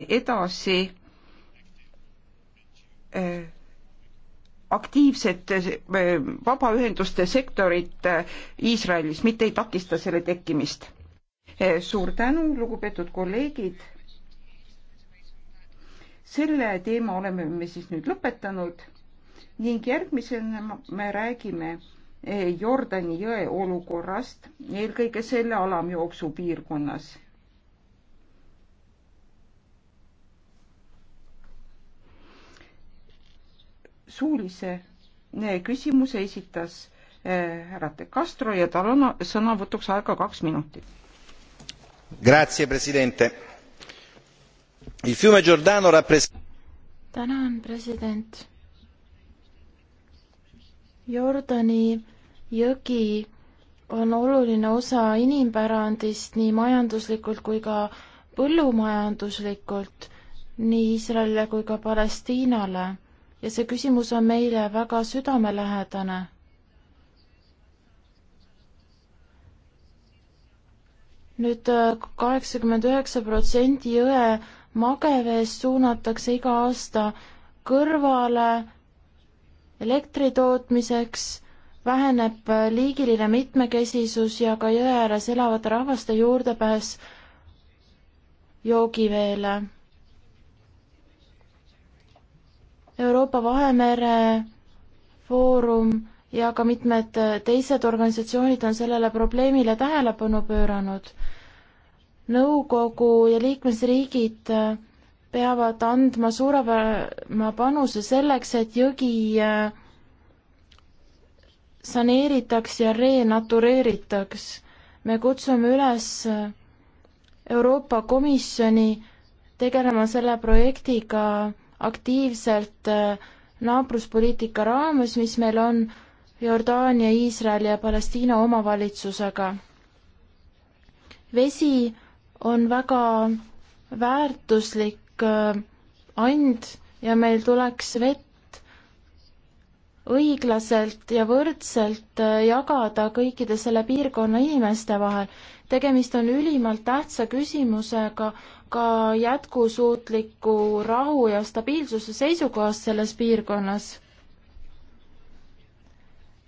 edasi äh, aktiivset äh, vabaühenduste sektorit äh, Iisraelis, mitte ei takista selle tekkimist. suur tänu, lugupeetud kolleegid. selle teema oleme me siis nüüd lõpetanud ning järgmisena me räägime Jordani jõe olukorrast, eelkõige selle alamjooksu piirkonnas suulise eh, küsimuse esitas eh, härra De Castro ja tal on sõnavõtuks aega kaks minutit. Grazie, president. Il fiume Giordano rappres-. tänan, president. Jordani jõgi on oluline osa inimpärandist nii majanduslikult kui ka põllumajanduslikult nii Iisraelile kui ka Palestiinale ja see küsimus on meile väga südamelähedane. nüüd äh, kaheksakümmend üheksa protsenti jõe mageveest suunatakse iga aasta kõrvale elektri tootmiseks, väheneb äh, liigiline mitmekesisus ja ka jõe ääres elavate rahvaste juurdepääs joogiveele Euroopa Vahemere Foorum ja ka mitmed teised organisatsioonid on sellele probleemile tähelepanu pööranud. nõukogu ja liikmesriigid peavad andma suurema panuse selleks, et jõgi äh, saneeritaks ja renatureeritaks. me kutsume üles Euroopa Komisjoni tegelema selle projektiga aktiivselt äh, naabruspoliitika raames, mis meil on Jordaania, Iisraeli ja Palestiina omavalitsusega. vesi on väga väärtuslik äh, and ja meil tuleks vett õiglaselt ja võrdselt äh, jagada kõikide selle piirkonna inimeste vahel. tegemist on ülimalt tähtsa küsimusega ka jätkusuutliku rahu ja stabiilsuse seisukohast selles piirkonnas.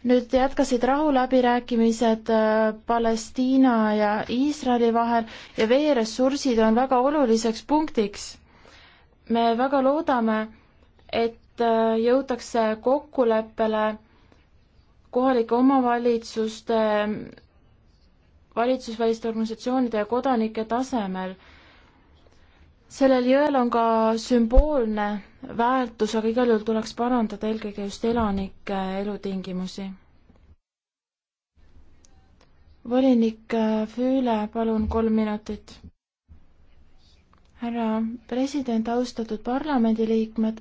nüüd jätkasid rahuläbirääkimised äh, Palestiina ja Iisraeli vahel ja veeressursid on väga oluliseks punktiks. me väga loodame, et äh, jõutakse kokkuleppele kohalike omavalitsuste valitsusväliste organisatsioonide ja kodanike tasemel sellel jõel on ka sümboolne väärtus, aga igal juhul tuleks parandada eelkõige just elanike elutingimusi. volinik Füüle, palun kolm minutit. härra president, austatud parlamendiliikmed,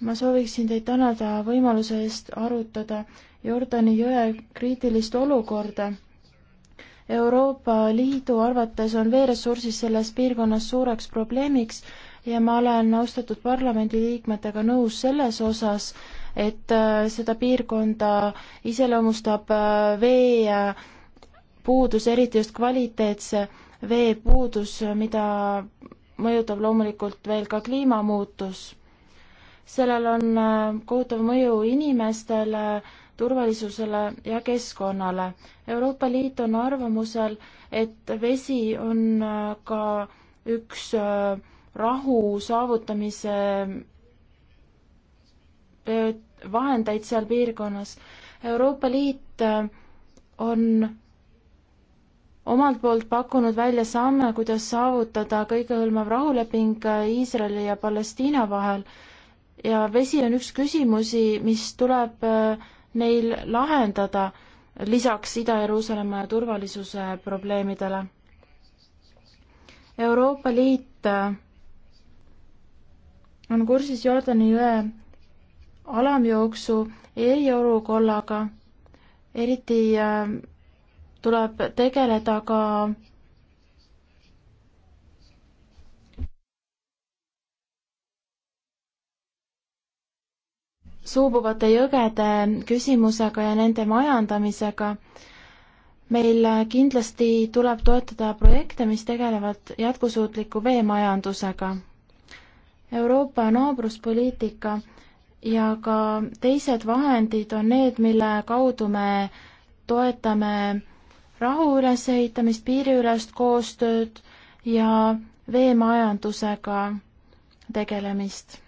ma sooviksin teid tänada võimaluse eest arutada Jordani jõe kriitilist olukorda Euroopa Liidu arvates on veeressursid selles piirkonnas suureks probleemiks ja ma olen austatud parlamendiliikmetega nõus selles osas, et äh, seda piirkonda iseloomustab äh, vee puudus, eriti just kvaliteetse vee puudus, mida mõjutab loomulikult veel ka kliimamuutus. sellel on äh, kohutav mõju inimestele, turvalisusele ja keskkonnale. Euroopa Liit on arvamusel, et vesi on äh, ka üks äh, rahu saavutamise äh, vahendeid seal piirkonnas. Euroopa Liit on omalt poolt pakkunud välja samme, kuidas saavutada kõigehõlmav rahuleping Iisraeli ja Palestiina vahel ja vesi on üks küsimusi, mis tuleb neil lahendada lisaks Ida-Jeruusalemma ja turvalisuse probleemidele. Euroopa Liit äh, on kursis Jordani jõe alamjooksu eriolukorraga, eriti äh, tuleb tegeleda ka suubuvate jõgede küsimusega ja nende majandamisega. meil kindlasti tuleb toetada projekte, mis tegelevad jätkusuutliku veemajandusega. Euroopa naabruspoliitika ja ka teised vahendid on need, mille kaudu me toetame rahu ülesehitamist, piiriülest koostööd ja veemajandusega tegelemist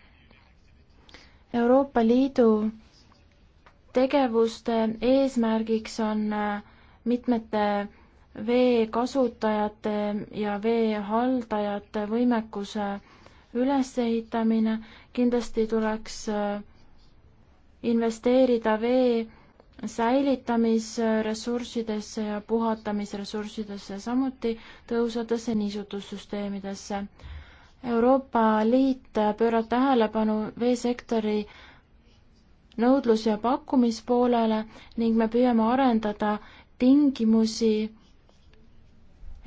Euroopa Liidu tegevuste eesmärgiks on äh, mitmete vee kasutajate ja vee haldajate võimekuse ülesehitamine, kindlasti tuleks äh, investeerida vee säilitamisressurssidesse ja puhatamisressurssidesse, samuti tõhusatesse niisutussüsteemidesse. Euroopa Liit pöörab tähelepanu veesektori nõudlus- ja pakkumispoolele ning me püüame arendada tingimusi,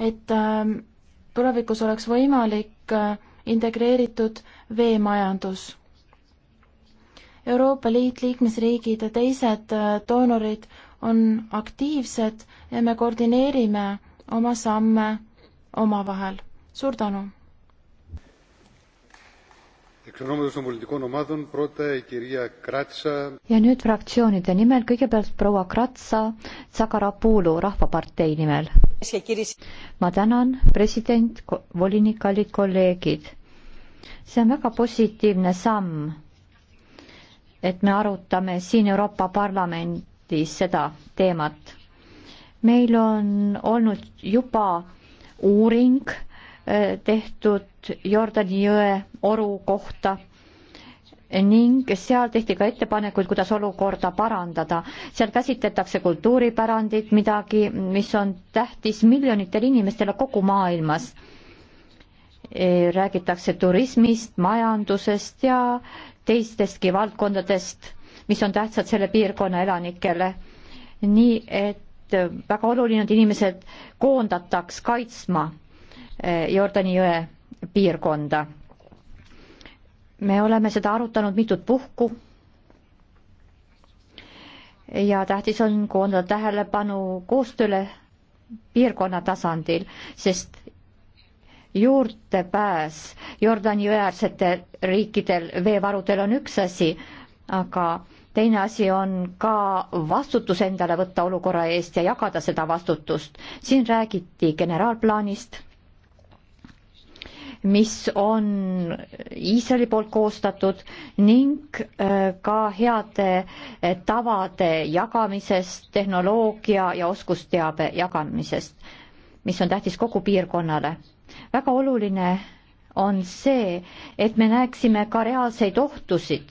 et ähm, tulevikus oleks võimalik äh, integreeritud veemajandus. Euroopa Liit, liikmesriigid ja teised äh, doonorid on aktiivsed ja me koordineerime oma samme omavahel. suur tänu! ja nüüd fraktsioonide nimel, kõigepealt proua Kratsa Tsagarapuulu Rahvapartei nimel. ma tänan, president, volinik, kallid kolleegid. see on väga positiivne samm, et me arutame siin Euroopa Parlamendis seda teemat. meil on olnud juba uuring tehtud Jordani jõe oru kohta ning seal tehti ka ettepanekuid, kuidas olukorda parandada. seal käsitletakse kultuuripärandit, midagi, mis on tähtis miljonitele inimestele kogu maailmas. E, räägitakse turismist, majandusest ja teistestki valdkondadest, mis on tähtsad selle piirkonna elanikele. nii et väga oluline, et inimesed koondataks kaitsma Eh, Jordani jõe piirkonda. me oleme seda arutanud mitut puhku ja tähtis on koondada tähelepanu koostööle piirkonna tasandil, sest juurdepääs Jordani jõeäärsete riikidel veevarudel on üks asi, aga teine asi on ka vastutus endale võtta olukorra eest ja jagada seda vastutust. siin räägiti generaalplaanist mis on Iisraeli poolt koostatud ning äh, ka heade äh, tavade jagamisest, tehnoloogia ja oskusteabe jagamisest, mis on tähtis kogu piirkonnale. väga oluline on see, et me näeksime ka reaalseid ohtusid,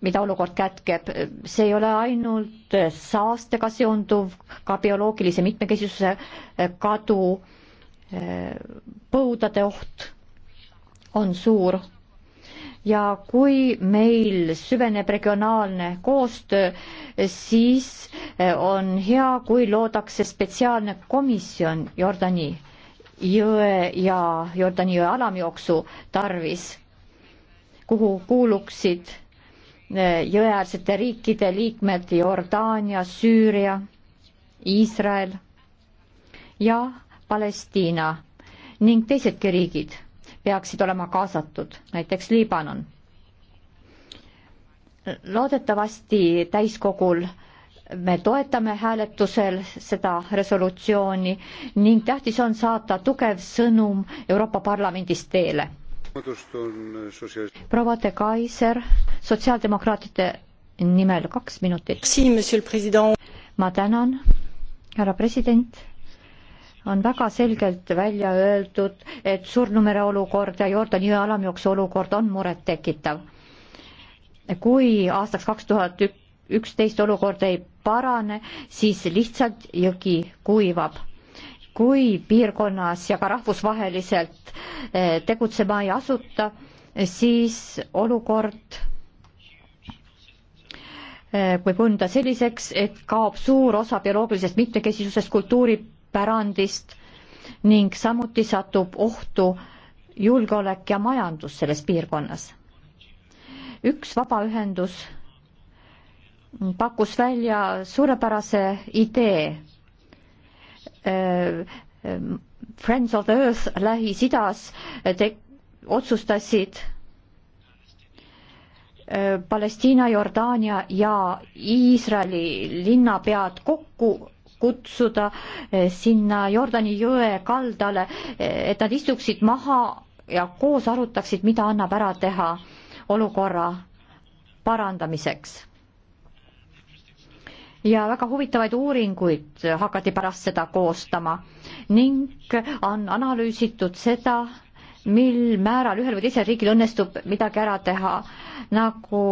mida olukord kätkeb. see ei ole ainult saastega seonduv, ka bioloogilise mitmekesisuse äh, kadu põudade oht on suur ja kui meil süveneb regionaalne koostöö, siis eh, on hea, kui loodakse spetsiaalne komisjon Jordani jõe ja Jordani jõe alamjooksu tarvis, kuhu kuuluksid eh, jõeäärsete riikide liikmed Jordaania, Süüria, Iisrael ja Palestiina ning teisedki riigid peaksid olema kaasatud, näiteks Liibanon. loodetavasti täiskogul me toetame hääletusel seda resolutsiooni ning tähtis on saata tugev sõnum Euroopa Parlamendist teele. proua de Kaiser, sotsiaaldemokraatide nimel kaks minutit. ma tänan, härra president on väga selgelt välja öeldud, et surnumere olukord ja Jordani jõe alamjooksu olukord on murettekitav. kui aastaks kaks tuhat üksteist olukord ei parane, siis lihtsalt jõgi kuivab. kui piirkonnas ja ka rahvusvaheliselt eh, tegutsema ei asuta, siis olukord eh, võib kujuneda selliseks, et kaob suur osa bioloogilisest mitmekesisusest, kultuuri pärandist ning samuti satub ohtu julgeolek ja majandus selles piirkonnas. üks vabaühendus pakkus välja suurepärase idee äh, äh, Friends of the Earth Lähis-Idas äh, otsustasid Palestiina, Jordaania ja Iisraeli linnapead kokku kutsuda eh, sinna Jordani jõe kaldale, eh, et nad istuksid maha ja koos arutaksid, mida annab ära teha olukorra parandamiseks. ja väga huvitavaid uuringuid hakati pärast seda koostama ning on analüüsitud seda, mil määral ühel või teisel riigil õnnestub midagi ära teha, nagu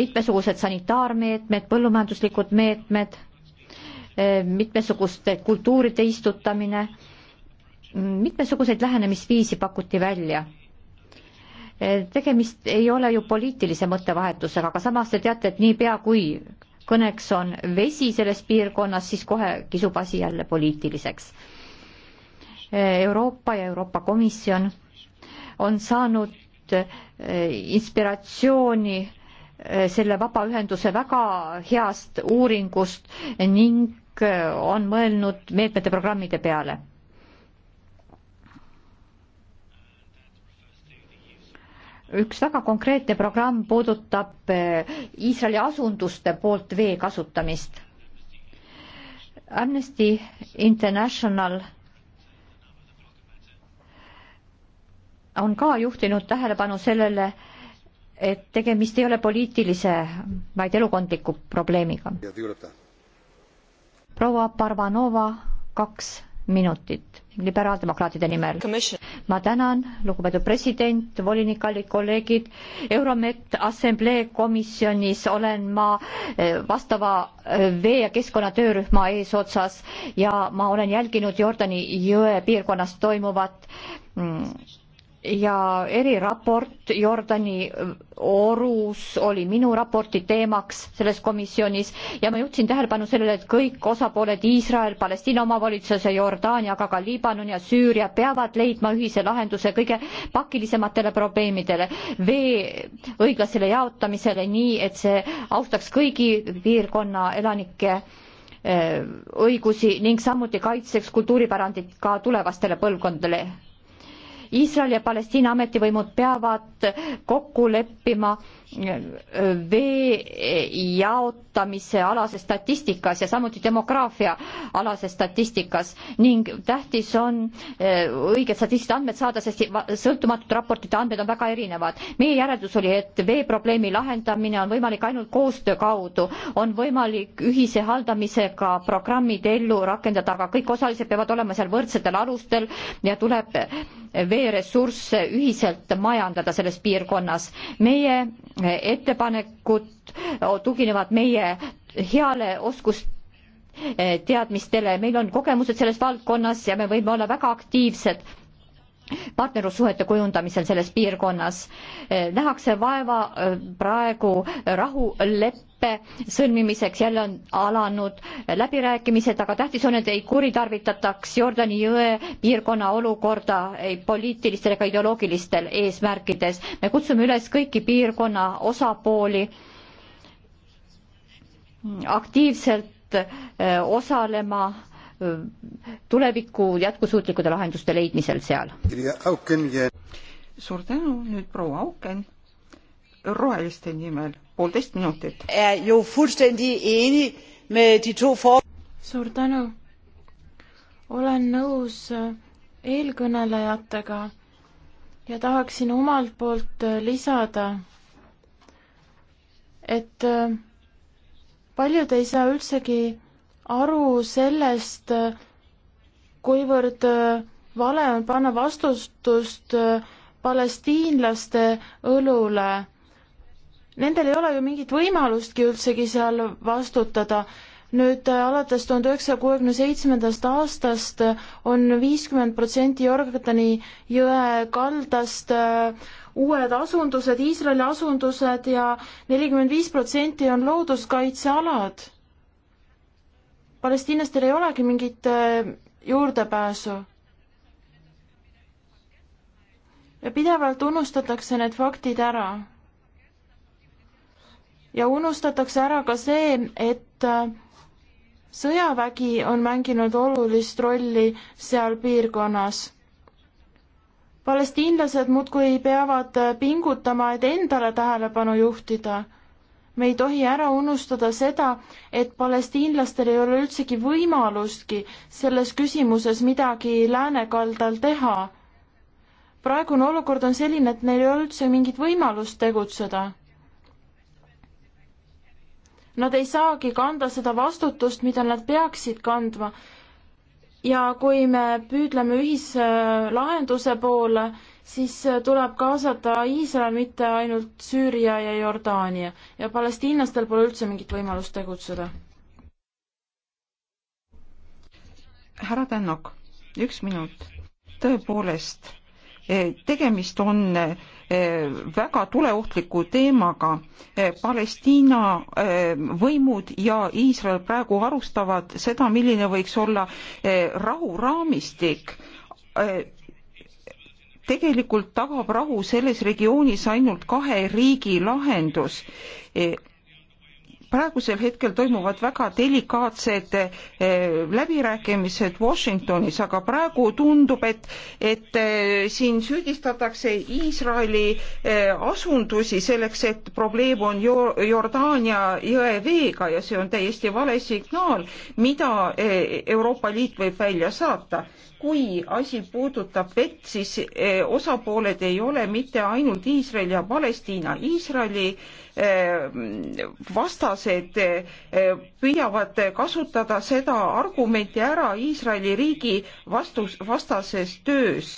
mitmesugused sanitaarmeetmed, põllumajanduslikud meetmed mitmesuguste kultuuride istutamine, mitmesuguseid lähenemisviisi pakuti välja. tegemist ei ole ju poliitilise mõttevahetusega, aga samas te teate, et niipea kui kõneks on vesi selles piirkonnas, siis kohe kisub asi jälle poliitiliseks. Euroopa ja Euroopa Komisjon on saanud eh, inspiratsiooni eh, selle vabaühenduse väga heast uuringust ning kõik äh, on mõelnud meetmete programmide peale. üks väga konkreetne programm puudutab äh, Iisraeli asunduste poolt vee kasutamist. Amnesty International on ka juhtinud tähelepanu sellele, et tegemist ei ole poliitilise, vaid elukondliku probleemiga proua Parvanova, kaks minutit liberaaldemokraatide nimel. ma tänan, lugupeetud president, volinik, kallid kolleegid. Euromet Assamblee komisjonis olen ma eh, vastava eh, vee- ja keskkonnatöörühma eesotsas ja ma olen jälginud Jordani jõe piirkonnas toimuvat mm, ja eriraport Jordani orus oli minu raporti teemaks selles komisjonis ja ma juhtisin tähelepanu sellele, et kõik osapooled Iisrael, Palestiina omavalitsus ja Jordaania, aga ka Liibanon ja Süüria peavad leidma ühise lahenduse kõige pakilisematele probleemidele, vee õiglasele jaotamisele, nii et see austaks kõigi piirkonna elanike eh, õigusi ning samuti kaitseks kultuuripärandit ka tulevastele põlvkondadele Iisrael ja Palestiina ametivõimud peavad kokku leppima vee jaotamise alases statistikas ja samuti demograafia alases statistikas ning tähtis on eh, õiged statistilised andmed saada, sest sõltumatud raportite andmed on väga erinevad. meie järeldus oli, et veeprobleemi lahendamine on võimalik ainult koostöö kaudu, on võimalik ühise haldamisega programmid ellu rakendada, aga kõik osalised peavad olema seal võrdsetel alustel ja tuleb veeressursse ühiselt majandada selles piirkonnas. meie ettepanekud tuginevad meie heale oskusteadmistele, meil on kogemused selles valdkonnas ja me võime olla väga aktiivsed partnerlussuhete kujundamisel selles piirkonnas. Eh, nähakse vaeva eh, praegu rahuleppe sõlmimiseks, jälle on alanud läbirääkimised, aga tähtis on, et ei kuritarvitataks Jordani jõe piirkonna olukorda ei poliitilistel ega ideoloogilistel eesmärkides. me kutsume üles kõiki piirkonna osapooli aktiivselt eh, osalema äh, tuleviku jätkusuutlikude lahenduste leidmisel seal. suur tänu, nüüd proua Auken roheliste nimel poolteist minutit. Er suur tänu. olen nõus äh, eelkõnelejatega ja tahaksin omalt poolt äh, lisada, et äh, paljud ei saa üldsegi aru sellest, kuivõrd vale on panna vastutust palestiinlaste õlule. Nendel ei ole ju mingit võimalustki üldsegi seal vastutada. nüüd äh, alates tuhande üheksasaja kuuekümne seitsmendast aastast on viiskümmend protsenti Jorgani jõe kaldast äh, uued asundused, Iisraeli asundused ja nelikümmend viis protsenti on looduskaitsealad palestiinlastel ei olegi mingit äh, juurdepääsu. ja pidevalt unustatakse need faktid ära. ja unustatakse ära ka see, et äh, sõjavägi on mänginud olulist rolli seal piirkonnas. palestiinlased muudkui peavad äh, pingutama, et endale tähelepanu juhtida me ei tohi ära unustada seda, et palestiinlastel ei ole üldsegi võimalustki selles küsimuses midagi läänekaldal teha. praegune olukord on selline, et neil ei ole üldse mingit võimalust tegutseda. Nad ei saagi kanda seda vastutust, mida nad peaksid kandma ja kui me püüdleme ühislahenduse poole, siis äh, tuleb kaasata Iisrael, mitte ainult Süüria ja Jordaania ja palestiinlastel pole üldse mingit võimalust tegutseda. härra Tännok, üks minut. tõepoolest, e, tegemist on e, väga tuleohtliku teemaga. E, Palestiina võimud ja Iisrael praegu arustavad seda, milline võiks olla rahuraamistik tegelikult tagab rahu selles regioonis ainult kahe riigi lahendus e, praegusel hetkel toimuvad väga delikaatsed e, läbirääkimised Washingtonis, aga praegu tundub, et, et e, siin süüdistatakse Iisraeli asundusi selleks, et probleem on Jordaania jõe veega ja see on täiesti vale signaal, mida Euroopa Liit võib välja saata kui asi puudutab vett, siis eh, osapooled ei ole mitte ainult Iisrael ja Palestiina. Iisraeli eh, vastased eh, püüavad kasutada seda argumenti ära Iisraeli riigi vastus, vastases töös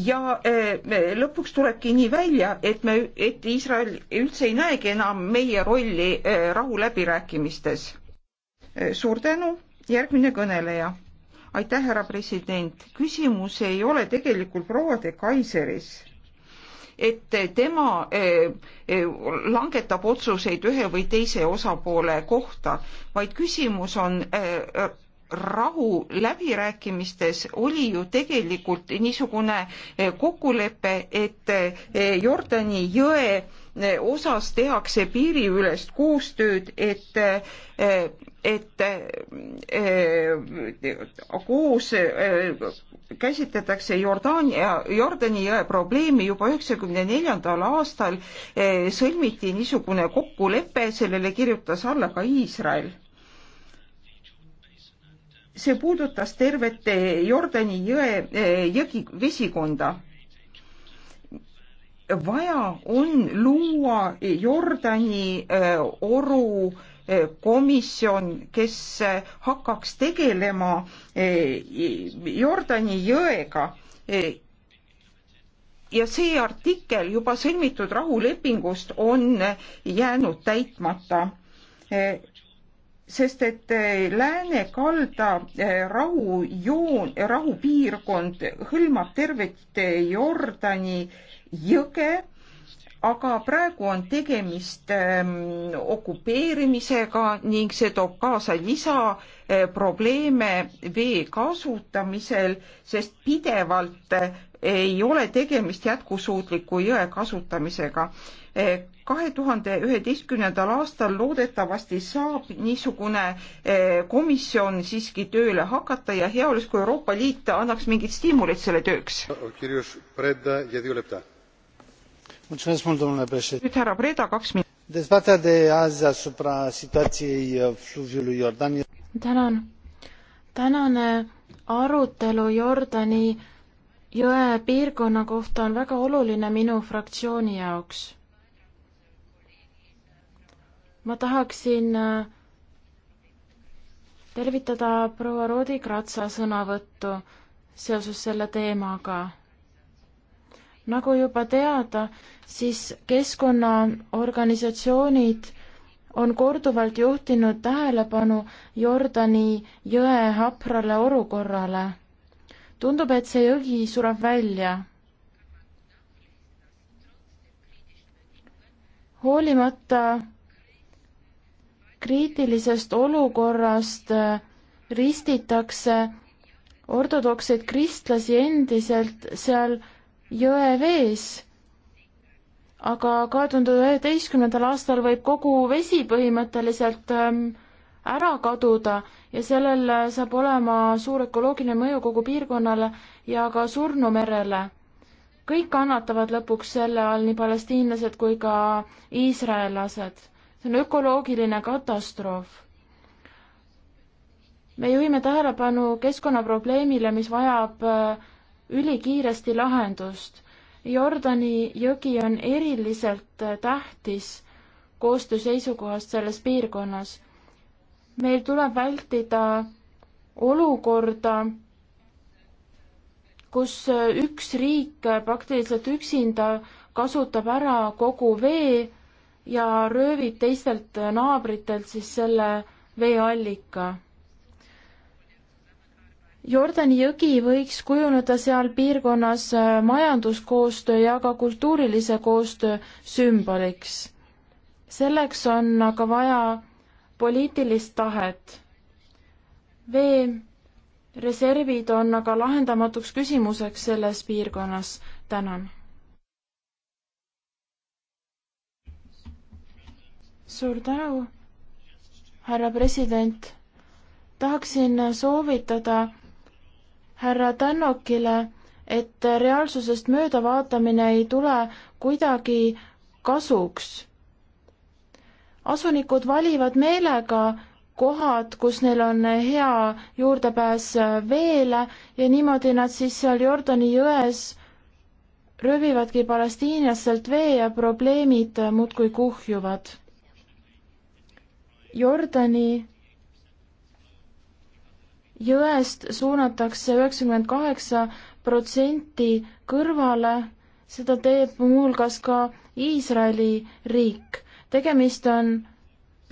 ja lõpuks tulebki nii välja, et me, et Iisrael üldse ei näegi enam meie rolli rahuläbirääkimistes suur tänu, järgmine kõneleja. aitäh, härra president. küsimus ei ole tegelikult proua de Kaiseris, et tema eh, eh, langetab otsuseid ühe või teise osapoole kohta, vaid küsimus on eh, rahu läbirääkimistes oli ju tegelikult niisugune kokkulepe, et Jordani jõe osas tehakse piiriülest koostööd, et, et, et koos eh, käsitletakse Jordaania, Jordani jõe probleemi juba üheksakümne neljandal aastal eh, sõlmiti niisugune kokkulepe, sellele kirjutas alla ka Iisrael see puudutas tervet Jordani jõe, eh, jõgi, vesikonda vaja on luua Jordani äh, oru äh, komisjon, kes äh, hakkaks tegelema Jordani jõega. ja see artikkel juba sõlmitud rahulepingust on jäänud täitmata sest et lääne kalda rahujoon, rahupiirkond hõlmab tervet Jordani jõge, aga praegu on tegemist ehm, okupeerimisega ning see toob kaasa lisaprobleeme eh, vee kasutamisel, sest pidevalt eh, ei ole tegemist jätkusuutliku jõe kasutamisega eh, kahe tuhande üheteistkümnendal aastal loodetavasti saab niisugune komisjon siiski tööle hakata ja hea oleks, kui Euroopa Liit annaks mingid stiimulid selle tööks nüüd härra Preda, kaks minutit. dezbaterea de azi asupra situației uh, fluviului Jordan. tänan. tänane arutelu Jordani jõe piirkonna kohta on väga oluline minu fraktsiooni jaoks. ma tahaksin äh, tervitada proua Roodi Kratsa sõnavõttu seoses selle teemaga nagu juba teada, siis keskkonnaorganisatsioonid on korduvalt juhtinud tähelepanu Jordani jõe haprale olukorrale. tundub, et see jõgi sureb välja. hoolimata kriitilisest olukorrast äh, ristitakse ortodokseid kristlasi endiselt seal jõe vees aga kahe tuhande üheteistkümnendal aastal võib kogu vesi põhimõtteliselt ähm, ära kaduda ja sellel äh, saab olema suur ökoloogiline mõju kogu piirkonnale ja ka surnumerele. kõik kannatavad lõpuks selle all, nii palestiinlased kui ka iisraellased. see on ökoloogiline katastroof. me juhime tähelepanu keskkonnaprobleemile, mis vajab äh, ülikiiresti lahendust. Jordani jõgi on eriliselt tähtis koostöö seisukohast selles piirkonnas. meil tuleb vältida olukorda, kus üks riik praktiliselt üksinda kasutab ära kogu vee ja röövib teistelt naabritelt siis selle veeallika Jordani jõgi võiks kujuneda seal piirkonnas äh, majanduskoostöö ja ka kultuurilise koostöö sümboliks. selleks on aga vaja poliitilist tahet. veereservid on aga lahendamatuks küsimuseks selles piirkonnas. tänan. suur tänu, härra president. tahaksin soovitada härra Tännokile, et reaalsusest möödavaatamine ei tule kuidagi kasuks. asunikud valivad meelega kohad, kus neil on hea juurdepääs veele ja niimoodi nad siis seal Jordani jões röövivadki palestiinlastelt vee ja probleemid muudkui kuhjuvad. Jordani jõest suunatakse üheksakümmend kaheksa protsenti kõrvale, seda teeb muuhulgas ka Iisraeli riik. tegemist on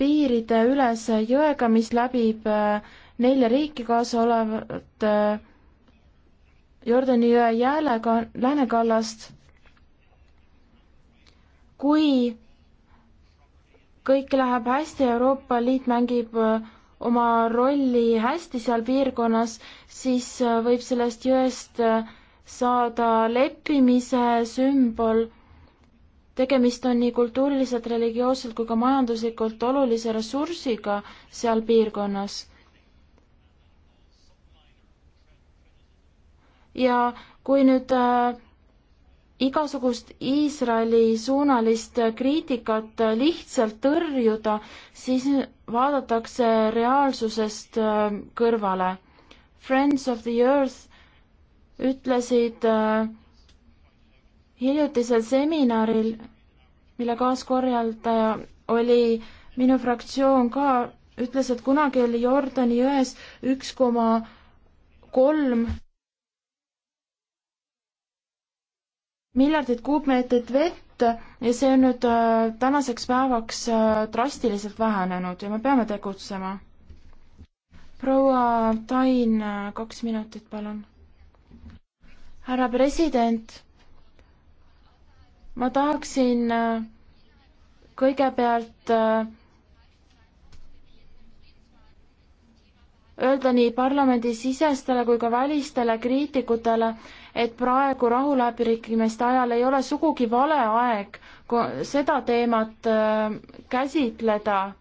piirideülese jõega, mis läbib äh, nelja riiki kaasa olevat äh, Jordani jõe jäälega läänekallast. kui kõik läheb hästi, Euroopa Liit mängib äh, oma rolli hästi seal piirkonnas, siis äh, võib sellest jõest äh, saada leppimise sümbol. tegemist on nii kultuuriliselt, religioosselt kui ka majanduslikult olulise ressursiga seal piirkonnas. ja kui nüüd äh, igasugust Iisraeli suunalist kriitikat lihtsalt tõrjuda, siis vaadatakse reaalsusest äh, kõrvale. Friends of the Earth ütlesid äh, hiljutisel seminaril, mille kaaskorraldaja oli minu fraktsioon ka, ütles, et kunagi oli Jordani jões üks koma kolm miljardit kuupmeetrit vett ja see on nüüd äh, tänaseks päevaks äh, drastiliselt vähenenud ja me peame tegutsema. proua Tain, äh, kaks minutit, palun. härra president, ma tahaksin kõigepealt öelda nii parlamendi sisestele kui ka välistele kriitikutele, et praegu rahuläbirikkumiste ajal ei ole sugugi vale aeg seda teemat äh, käsitleda.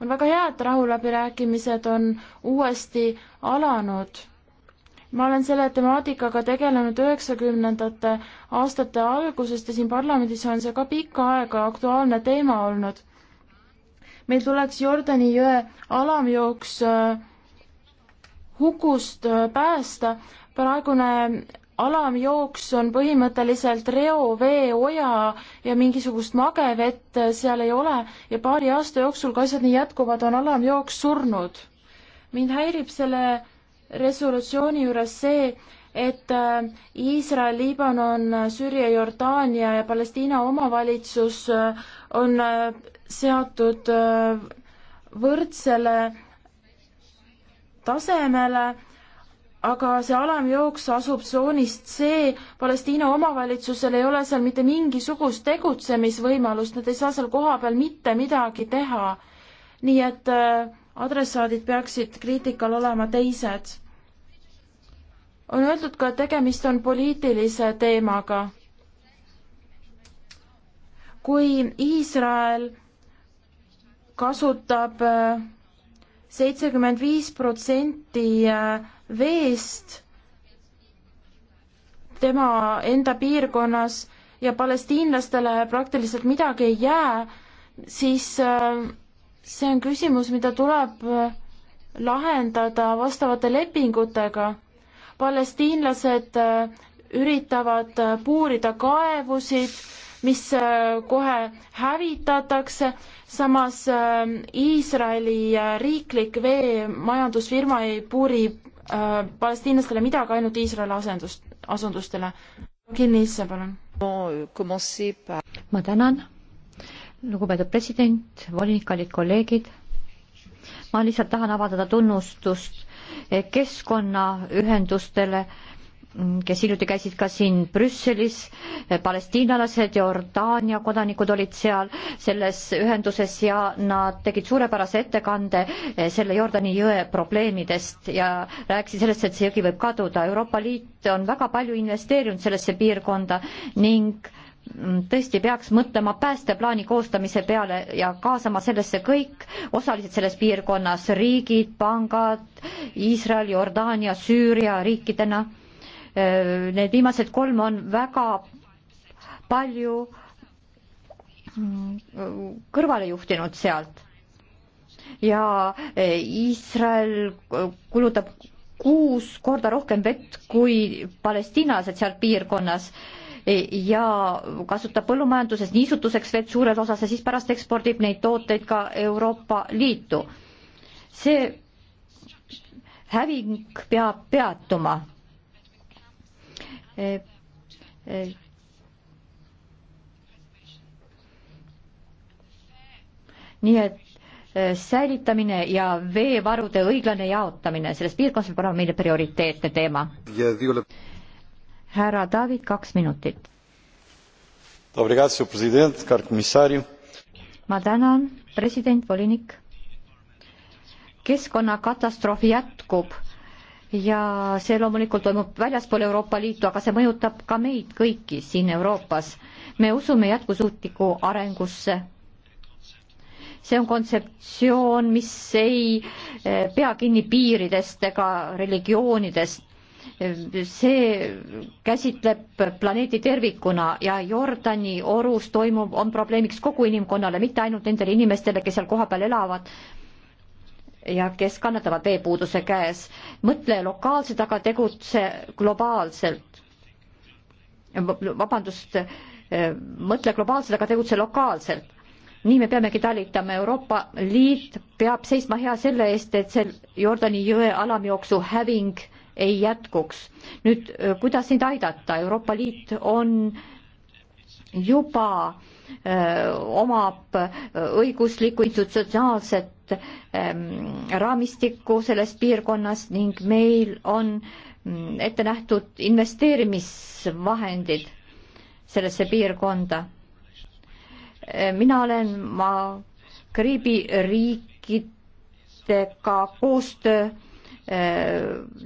on väga hea, et rahuläbirääkimised on uuesti alanud ma olen selle temaatikaga tegelenud üheksakümnendate aastate algusest ja siin parlamendis on see ka pikka aega aktuaalne teema olnud. meil tuleks Jordani jõe alamjooks äh, hukust äh, päästa, praegune alamjooks on põhimõtteliselt reovee oja ja mingisugust magevett seal ei ole ja paari aasta jooksul, kui asjad nii jätkuvad, on alamjooks surnud. mind häirib selle resolutsiooni juures see, et äh, Iisrael, Liibanon, Süüria, Jordaania ja Palestiina omavalitsus äh, on äh, seatud võrdsele tasemele aga see alamjooks asub tsoonist C, Palestiina omavalitsusel ei ole seal mitte mingisugust tegutsemisvõimalust, nad ei saa seal kohapeal mitte midagi teha. nii et äh, adressaadid peaksid kriitikal olema teised. on öeldud ka, et tegemist on poliitilise teemaga. kui Iisrael kasutab äh, seitsekümmend viis protsenti äh, veest tema enda piirkonnas ja palestiinlastele praktiliselt midagi ei jää, siis äh, see on küsimus, mida tuleb äh, lahendada vastavate lepingutega. palestiinlased üritavad puurida kaevusid mis äh, kohe hävitatakse. samas äh, Iisraeli äh, riiklik veemajandusfirma ei puuri palestiinlastele midagi, ainult Iisraeli asendust, asundustele. kinnisse, palun. ma tänan, lugupeetud president, volinik, kallid kolleegid. ma lihtsalt tahan avaldada tunnustust keskkonnaühendustele, kes hiljuti käisid ka siin Brüsselis, palestiinlased, Jordaania kodanikud olid seal selles ühenduses ja nad tegid suurepärase ettekande eh, selle Jordani jõe probleemidest ja rääkisid sellest, et see jõgi võib kaduda. Euroopa Liit on väga palju investeerinud sellesse piirkonda ning mm, tõesti peaks mõtlema päästeplaani koostamise peale ja kaasama sellesse kõik osalised selles piirkonnas, riigid, pangad, Iisrael, Jordaania, Süüria riikidena Äh, need viimased kolm on väga palju mm, kõrvale juhtinud sealt ja äh, Iisrael äh, kulutab kuus korda rohkem vett kui palestiinlased seal piirkonnas ja kasutab põllumajanduses niisutuseks vett suures osas ja siis pärast ekspordib neid tooteid ka Euroopa Liitu. see häving peab peatuma nii et eh, säilitamine ja veevarude õiglane jaotamine selles piirkonnas peab olema meile prioriteetne teema. härra David, kaks minutit. ma tänan, president, volinik. keskkonnakatastroof jätkub ja see loomulikult toimub väljaspool Euroopa Liitu, aga see mõjutab ka meid kõiki siin Euroopas. me usume jätkusuutlikku arengusse. see on kontseptsioon, mis ei eh, pea kinni piiridest ega religioonidest. see käsitleb planeeti tervikuna ja Jordani orus toimuv on probleemiks kogu inimkonnale, mitte ainult nendele inimestele, kes seal kohapeal elavad ja kes kannatavad veepuuduse käes. mõtle lokaalselt, aga tegutse globaalselt. vabandust, mõtle globaalselt, aga tegutse lokaalselt. nii me peamegi talitama, Euroopa Liit peab seisma hea selle eest, et see Jordani jõe alamjooksu häving ei jätkuks. nüüd, kuidas neid aidata, Euroopa Liit on juba äh, Äh, omab äh, õiguslikku institutsionaalset ähm, raamistikku selles piirkonnas ning meil on mm, ette nähtud investeerimisvahendid sellesse piirkonda. Äh, mina olen Magribi riikidega koostöö Äh,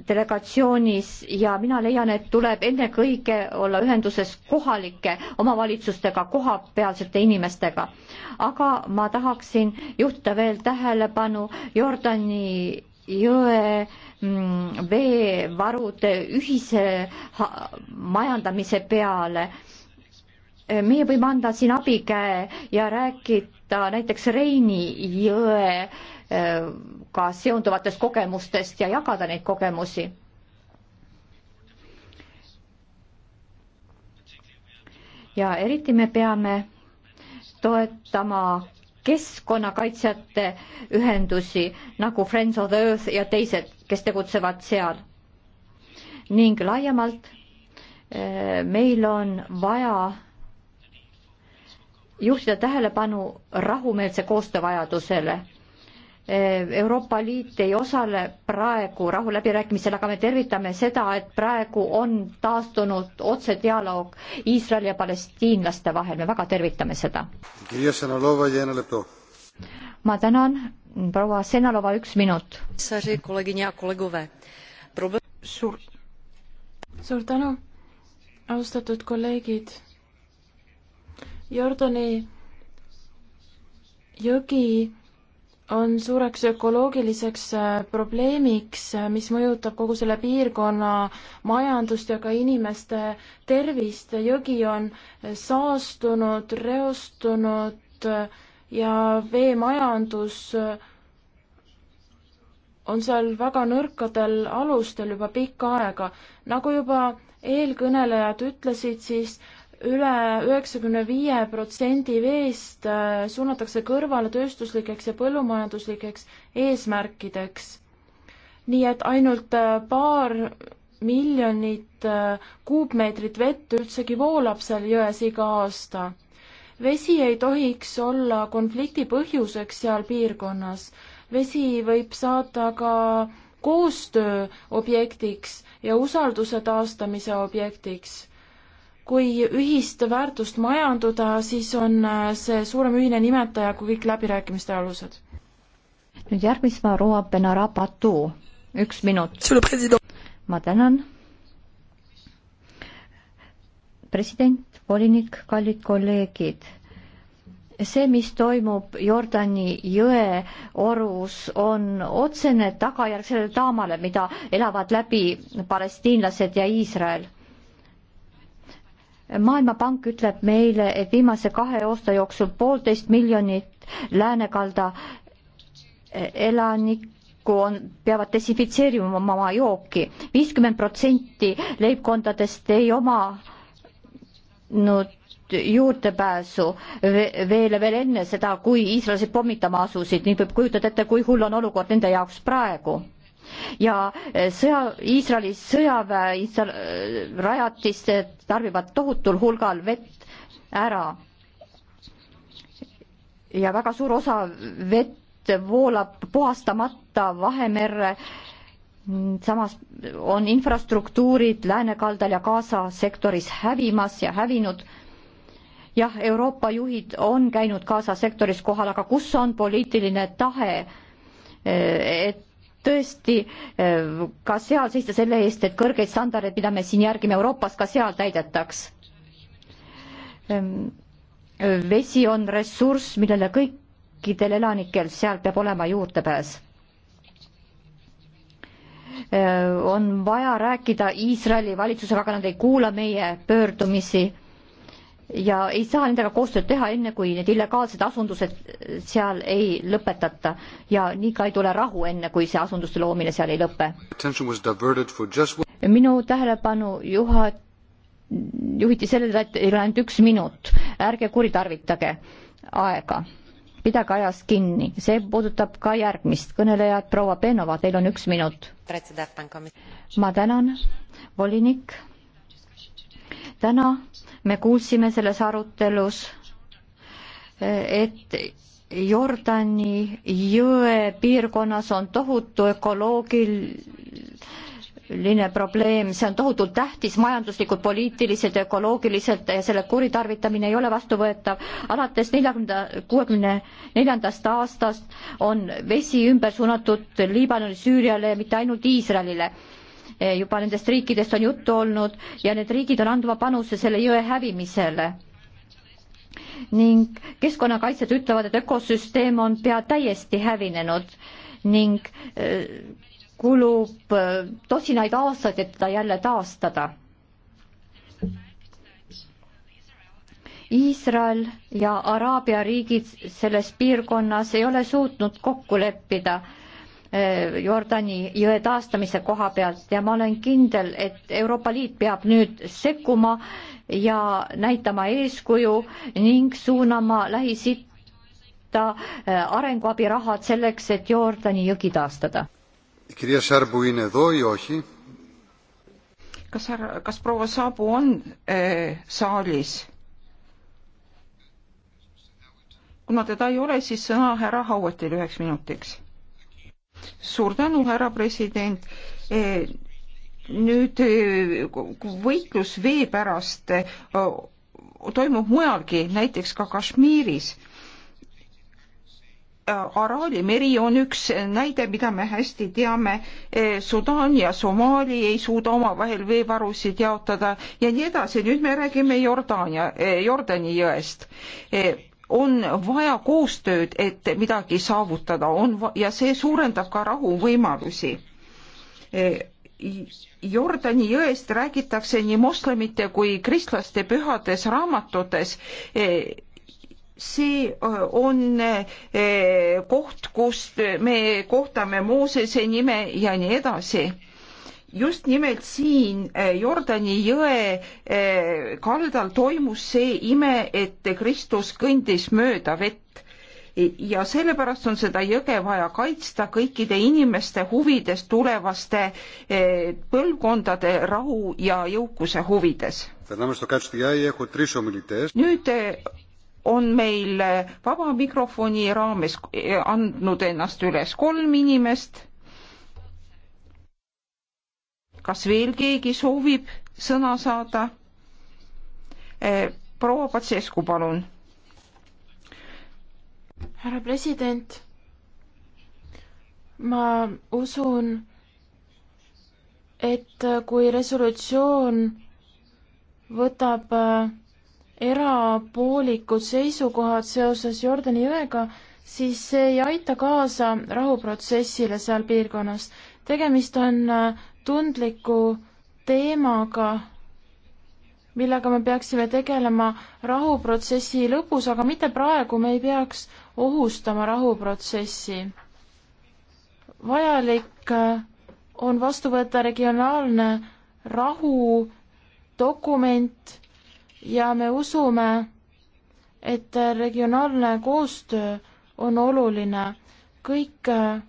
delegatsioonis ja mina leian, et tuleb ennekõike olla ühenduses kohalike omavalitsustega, kohapealsete inimestega. aga ma tahaksin juhtida veel tähelepanu Jordani jõe mm, veevarude ühise majandamise peale. meie võime anda siin abikäe ja rääkida näiteks Reini jõe ka seonduvatest kogemustest ja jagada neid kogemusi. ja eriti me peame toetama keskkonnakaitsjate ühendusi nagu Friends of the Earth ja teised, kes tegutsevad seal. ning laiemalt eh, meil on vaja juhtida tähelepanu rahumeelse koostöö vajadusele Eh, Euroopa Liit ei osale praegu rahuläbirääkimistel, aga me tervitame seda, et praegu on taastunud otsedialoog Iisraeli ja palestiinlaste vahel, me väga tervitame seda. ma tänan, proua Senalova, üks minut. suur, suur tänu, austatud kolleegid. Jordani jõgi on suureks ökoloogiliseks äh, probleemiks, äh, mis mõjutab kogu selle piirkonna majandust ja ka inimeste tervist. jõgi on äh, saastunud, reostunud ja veemajandus on seal väga nõrkadel alustel juba pikka aega. nagu juba eelkõnelejad ütlesid, siis üle üheksakümne viie protsendi veest äh, suunatakse kõrvale tööstuslikeks ja põllumajanduslikeks eesmärkideks. nii et ainult äh, paar miljonit äh, kuupmeetrit vett üldsegi voolab seal jões iga aasta. vesi ei tohiks olla konflikti põhjuseks seal piirkonnas. vesi võib saada ka koostöö objektiks ja usalduse taastamise objektiks kui ühist väärtust majanduda, siis on äh, see suurem ühine nimetaja kui kõik läbirääkimiste alused. nüüd järgmisena Roa Benarabatu, üks minut. ma tänan. president, volinik, kallid kolleegid see, mis toimub Jordani jõe orus, on otsene tagajärg sellele taamale, mida elavad läbi palestiinlased ja Iisrael maailmapank ütleb meile, et viimase kahe aasta jooksul poolteist miljonit läänekalda elanikku on, peavad desinfitseerima oma jooki. viiskümmend protsenti leibkondadest ei omanud juurdepääsu veele veel enne seda, kui iisraelased pommitama asusid, nii võib kujutada ette, kui hull on olukord nende jaoks praegu ja eh, sõja, Iisraeli sõjaväe eh, rajatised tarbivad tohutul hulgal vett ära. ja väga suur osa vett voolab puhastamata Vahemerre. samas on infrastruktuurid läänekaldal ja Gaza sektoris hävimas ja hävinud jah, Euroopa juhid on käinud Gaza sektoris kohal, aga kus on poliitiline tahe, eh, et tõesti eh, ka seal seista selle eest, et kõrgeid standardeid, mida me siin järgime Euroopas, ka seal täidetaks. Ehm, vesi on ressurss, millele kõikidel elanikel seal peab olema juurdepääs eh, on vaja rääkida Iisraeli valitsusega, aga nad ei kuula meie pöördumisi ja ei saa nendega koostööd teha enne, kui need illegaalsed asundused seal ei lõpetata ja nii ka ei tule rahu, enne kui see asunduste loomine seal ei lõpe. minu tähelepanu juhat-, juhiti sellele, et ei ole ainult üks minut, ärge kuritarvitage aega, pidage ajast kinni, see puudutab ka järgmist kõnelejat, proua Benova, teil on üks minut. ma tänan, volinik. täna me kuulsime selles arutelus, et Jordani jõe piirkonnas on tohutu ökoloogiline probleem, see on tohutult tähtis majanduslikult, poliitiliselt ja ökoloogiliselt ja selle kuritarvitamine ei ole vastuvõetav. alates neljakümne, kuuekümne neljandast aastast on vesi ümber suunatud Liibanoni, Süüriale, mitte ainult Iisraelile Eh, juba nendest riikidest on juttu olnud ja need riigid on andma panuse selle jõe hävimisele. ning keskkonnakaitsjad ütlevad, et ökosüsteem on pea täiesti hävinenud ning eh, kulub eh, tosinaid aastaid, et teda jälle taastada. Iisrael ja Araabia riigid selles piirkonnas ei ole suutnud kokku leppida äh, Eh, Jordani jõe taastamise koha pealt ja ma olen kindel, et Euroopa Liit peab nüüd sekkuma ja näitama eeskuju ning suunama Lähis-Itta eh, arenguabirahad selleks, et Jordani jõgi taastada. kas härra, kas proua Saabu on äh, saalis? kuna teda ei ole, siis sõna härra Hauetile üheks minutiks suur tänu, härra president eh, nüüd eh, võitlus vee pärast eh, toimub mujalgi, näiteks ka Kashmiris. Araali meri on üks näide, mida me hästi teame. Sudaan ja Somaali ei suuda omavahel veevarusid jaotada ja nii edasi. nüüd me räägime Jordaania, Jordani jõest on vaja koostööd, et midagi saavutada, on ja see suurendab ka rahuvõimalusi. E, Jordani jõest räägitakse nii moslemite kui kristlaste pühades raamatutes e, see e, on koht, kust me kohtame Moosese nime ja nii edasi just nimelt siin eh, Jordani jõe eh, kaldal toimus see ime, et Kristus kõndis mööda vett ja sellepärast on seda jõge vaja kaitsta kõikide inimeste huvides, tulevaste eh, põlvkondade rahu ja jõukuse huvides. nüüd on meil vaba mikrofoni raames andnud ennast üles kolm inimest kas veel keegi soovib sõna saada? Eh, proua Patsescu, palun. härra president, ma usun, et kui resolutsioon võtab eh, erapoolikud seisukohad seoses Jordani jõega, siis see ei aita kaasa rahuprotsessile seal piirkonnas. tegemist on eh, tundliku teemaga, millega me peaksime tegelema rahuprotsessi lõpus, aga mitte praegu, me ei peaks ohustama rahuprotsessi. vajalik äh, on vastu võtta regionaalne rahudokument ja me usume, et regionaalne koostöö on oluline. kõik äh,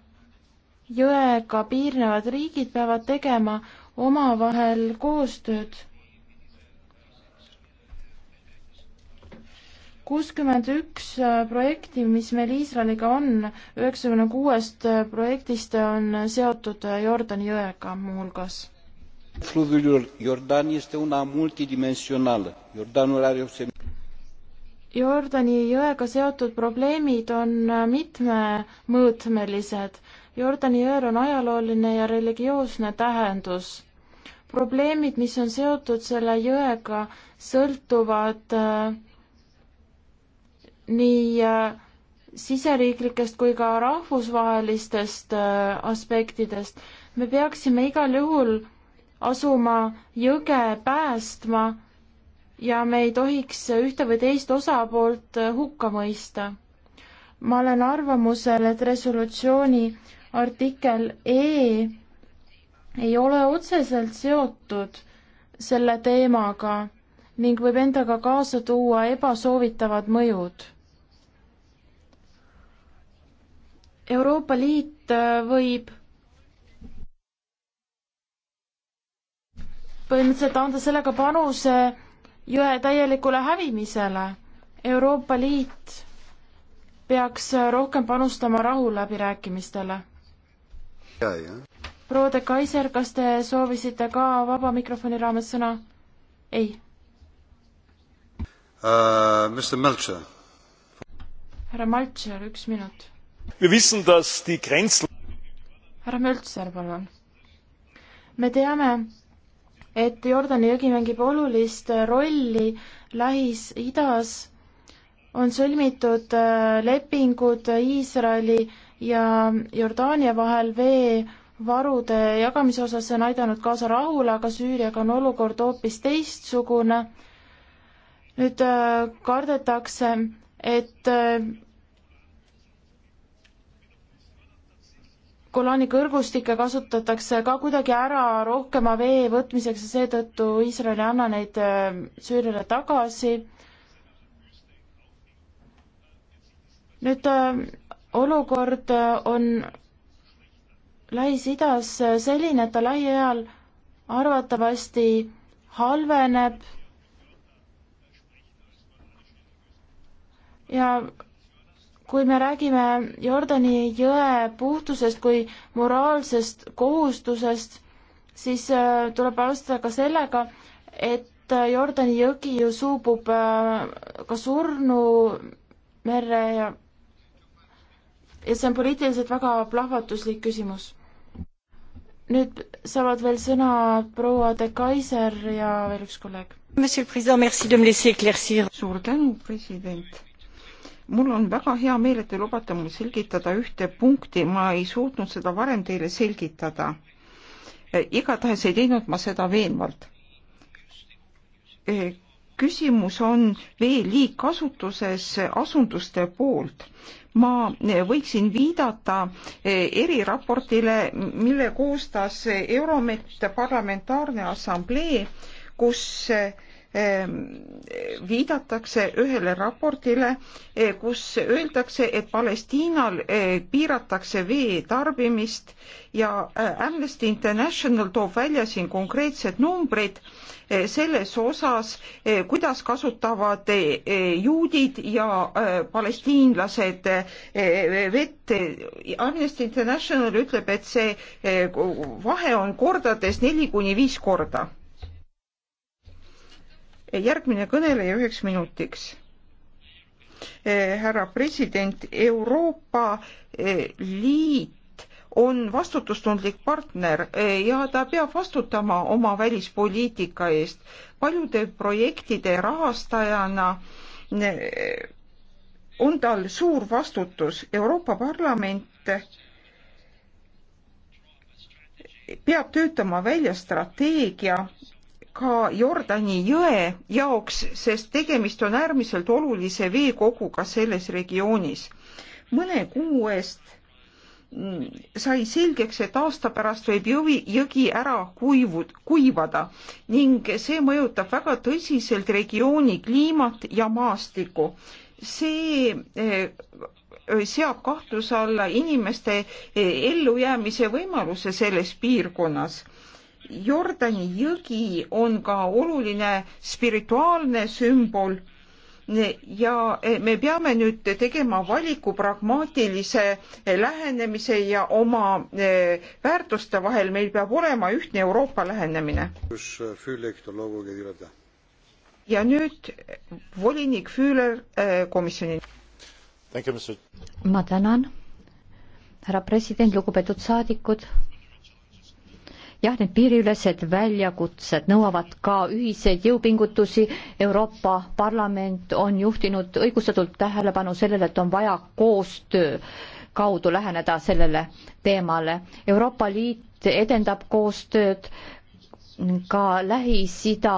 jõega piirnevad riigid peavad tegema omavahel koostööd. kuuskümmend üks äh, projekti, mis meil Iisraeliga on, üheksakümne kuuest äh, projektist on seotud äh, Jordani jõega muuhulgas. fluviul Jordan este una multidimensională. Jordanul are o sem-. Jordani jõega seotud probleemid on mitmemõõtmelised Jordani jõer on ajalooline ja religioosne tähendus. probleemid, mis on seotud selle jõega, sõltuvad äh, nii äh, siseriiklikest kui ka rahvusvahelistest äh, aspektidest. me peaksime igal juhul asuma jõge päästma ja me ei tohiks ühte või teist osapoolt äh, hukka mõista. ma olen arvamusel, et resolutsiooni artikkel E ei ole otseselt seotud selle teemaga ning võib endaga kaasa tuua ebasoovitavad mõjud. Euroopa Liit äh, võib põhimõtteliselt anda sellega panuse jõe täielikule hävimisele. Euroopa Liit peaks rohkem panustama rahuläbirääkimistele proua de Kaiser, kas te soovisite ka vaba mikrofoni raames sõna? ei uh,. härra Maltšer, üks minut. härra Möltser, palun. me teame, et Jordani jõgi mängib olulist rolli Lähis-Idas, on sõlmitud äh, lepingud Iisraeli ja Jordaania vahel veevarude jagamise osas on aidanud kaasa rahule, aga Süüriaga on olukord hoopis teistsugune. nüüd äh, kardetakse, et äh, Golani kõrgustikke kasutatakse ka kuidagi ära rohkema vee võtmiseks ja seetõttu Iisrael ei anna neid äh, Süüriale tagasi. nüüd olukord on Lähis-Idas selline, et ta lähiajal arvatavasti halveneb ja kui me räägime Jordani jõe puhtusest kui moraalsest kohustusest, siis äh, tuleb alustada ka sellega, et äh, Jordani jõgi ju suubub äh, ka surnu merre ja ja see on poliitiliselt väga plahvatuslik küsimus. nüüd saavad veel sõna proua de Kaiser ja veel üks kolleeg. suur tänu, president mul on väga hea meel, et te lubate mul selgitada ühte punkti, ma ei suutnud seda varem teile selgitada. igatahes ei teinud ma seda veenvalt küsimus on vee liigkasutuses asunduste poolt. ma võiksin viidata eh, eriraportile, mille koostas Euromet Parlamentaarne Assamblee, kus eh, Ehm, viidatakse ühele raportile, eh, kus öeldakse, et Palestiinal eh, piiratakse vee tarbimist ja eh, Amnesty International toob välja siin konkreetsed numbrid selles osas, kuidas kasutavad juudid ja palestiinlased vett. Amnesty International ütleb, et see vahe on kordades neli kuni viis korda järgmine kõneleja üheks minutiks. Eh, härra president, Euroopa eh, Liit on vastutustundlik partner eh, ja ta peab vastutama oma välispoliitika eest. paljude projektide rahastajana on tal suur vastutus. Euroopa Parlament peab töötama välja strateegia ka Jordani jõe jaoks, sest tegemist on äärmiselt olulise veekoguga selles regioonis. mõne kuu eest mm, sai selgeks, et aasta pärast võib jõvi, jõgi ära kuivud, kuivada ning see mõjutab väga tõsiselt regiooni kliimat ja maastikku. see eh, seab kahtluse alla inimeste eh, ellujäämise võimaluse selles piirkonnas Jordani jõgi on ka oluline spirituaalne sümbol ja me peame nüüd tegema valiku pragmaatilise lähenemise ja oma e, väärtuste vahel, meil peab olema ühtne Euroopa lähenemine. ja nüüd volinik Füüler e, komisjoni. ma tänan, härra president, lugupeetud saadikud jah, need piiriülesed väljakutsed nõuavad ka ühiseid jõupingutusi. Euroopa Parlament on juhtinud õigustatult tähelepanu sellele, et on vaja koostöö kaudu läheneda sellele teemale. Euroopa Liit edendab koostööd ka Lähis-Ida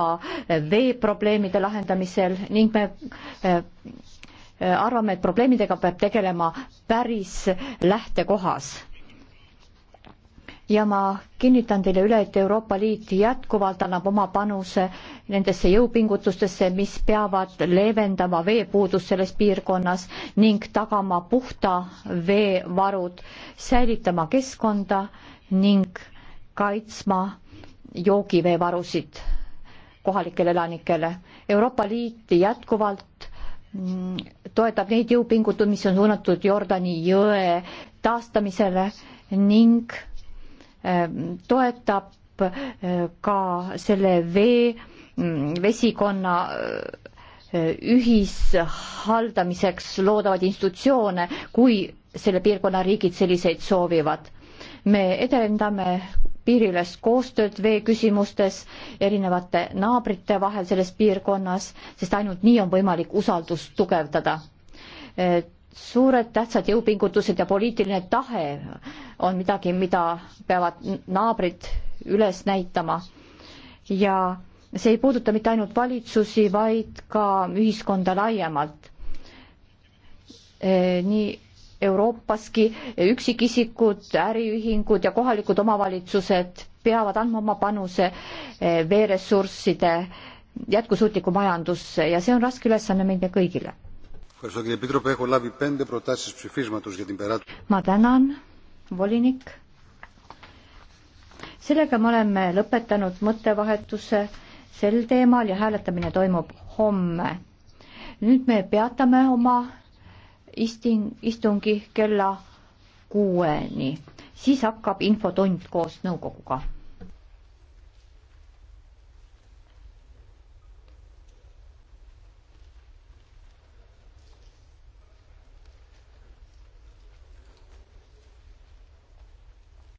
veeprobleemide lahendamisel ning me eh, eh, arvame, et probleemidega peab tegelema päris lähtekohas ja ma kinnitan teile üle, et Euroopa Liit jätkuvalt annab oma panuse nendesse jõupingutustesse, mis peavad leevendama veepuudust selles piirkonnas ning tagama puhta veevarud, säilitama keskkonda ning kaitsma joogiveevarusid kohalikele elanikele. Euroopa Liit jätkuvalt mm, toetab neid jõupingutusi, mis on suunatud Jordani jõe taastamisele ning Ähm, toetab äh, ka selle vee, mm, vesikonna äh, ühishaldamiseks loodavaid institutsioone, kui selle piirkonna riigid selliseid soovivad. me edendame piiriülest koostööd veeküsimustes erinevate naabrite vahel selles piirkonnas, sest ainult nii on võimalik usaldust tugevdada. Äh, suured tähtsad jõupingutused ja poliitiline tahe on midagi, mida peavad naabrid üles näitama. ja see ei puuduta mitte ainult valitsusi, vaid ka ühiskonda laiemalt. E, nii Euroopaski üksikisikud, äriühingud ja kohalikud omavalitsused peavad andma oma panuse e, veeressursside jätkusuutliku majandusse ja see on raske ülesanne meile kõigile ma tänan, volinik. sellega me oleme lõpetanud mõttevahetuse sel teemal ja hääletamine toimub homme. nüüd me peatame oma isting, istungi kella kuueni, siis hakkab infotund koos nõukoguga